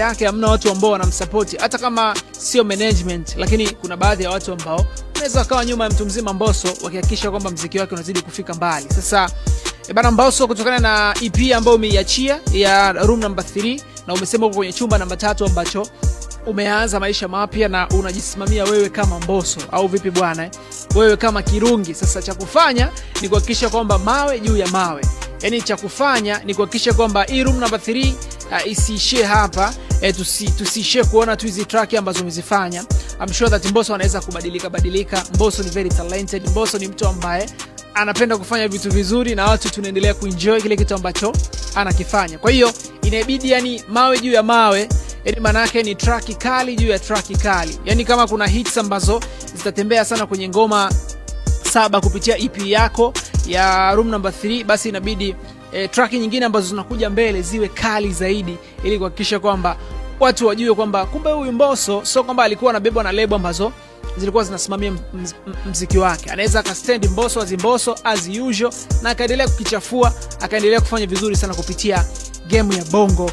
yake hamna watu ambao wanamsapoti hata kama sio management, lakini kuna baadhi ya watu ambao unaweza wakawa nyuma ya mtu mzima Mbosso wakihakikisha kwamba mziki wake unazidi kufika mbali. Sasa eh, bana Mbosso, kutokana na EP ambayo umeiachia ya Room number 3 na umesema uko kwenye chumba namba tatu ambacho umeanza maisha mapya na unajisimamia wewe kama Mbosso au vipi bwana eh? Wewe kama Kirungi, sasa cha kufanya ni kuhakikisha kwamba mawe juu ya mawe, yani cha kufanya ni kuhakikisha kwamba hii Room number 3 uh, eh, isiishie hapa eh, tusiishie tusi kuona tu hizi track ambazo umezifanya. I'm sure that mboso anaweza kubadilika badilika. mboso ni very talented. mboso ni mtu ambaye anapenda kufanya vitu vizuri na watu tunaendelea kuenjoy kile kitu ambacho anakifanya. Kwa hiyo inabidi yani mawe juu ya mawe, yani maana yake ni track kali juu ya track kali. Yani kama kuna hits ambazo zitatembea sana kwenye ngoma saba kupitia EP yako ya Room Number 3 basi inabidi e, traki nyingine ambazo zinakuja mbele ziwe kali zaidi, ili kuhakikisha kwamba watu wajue kwamba kumbe huyu mboso sio kwamba alikuwa anabebwa na lebo ambazo zilikuwa zinasimamia mziki wake. Anaweza akastendi mboso azimboso Mbosso as usual, na akaendelea kukichafua, akaendelea kufanya vizuri sana kupitia gemu ya Bongo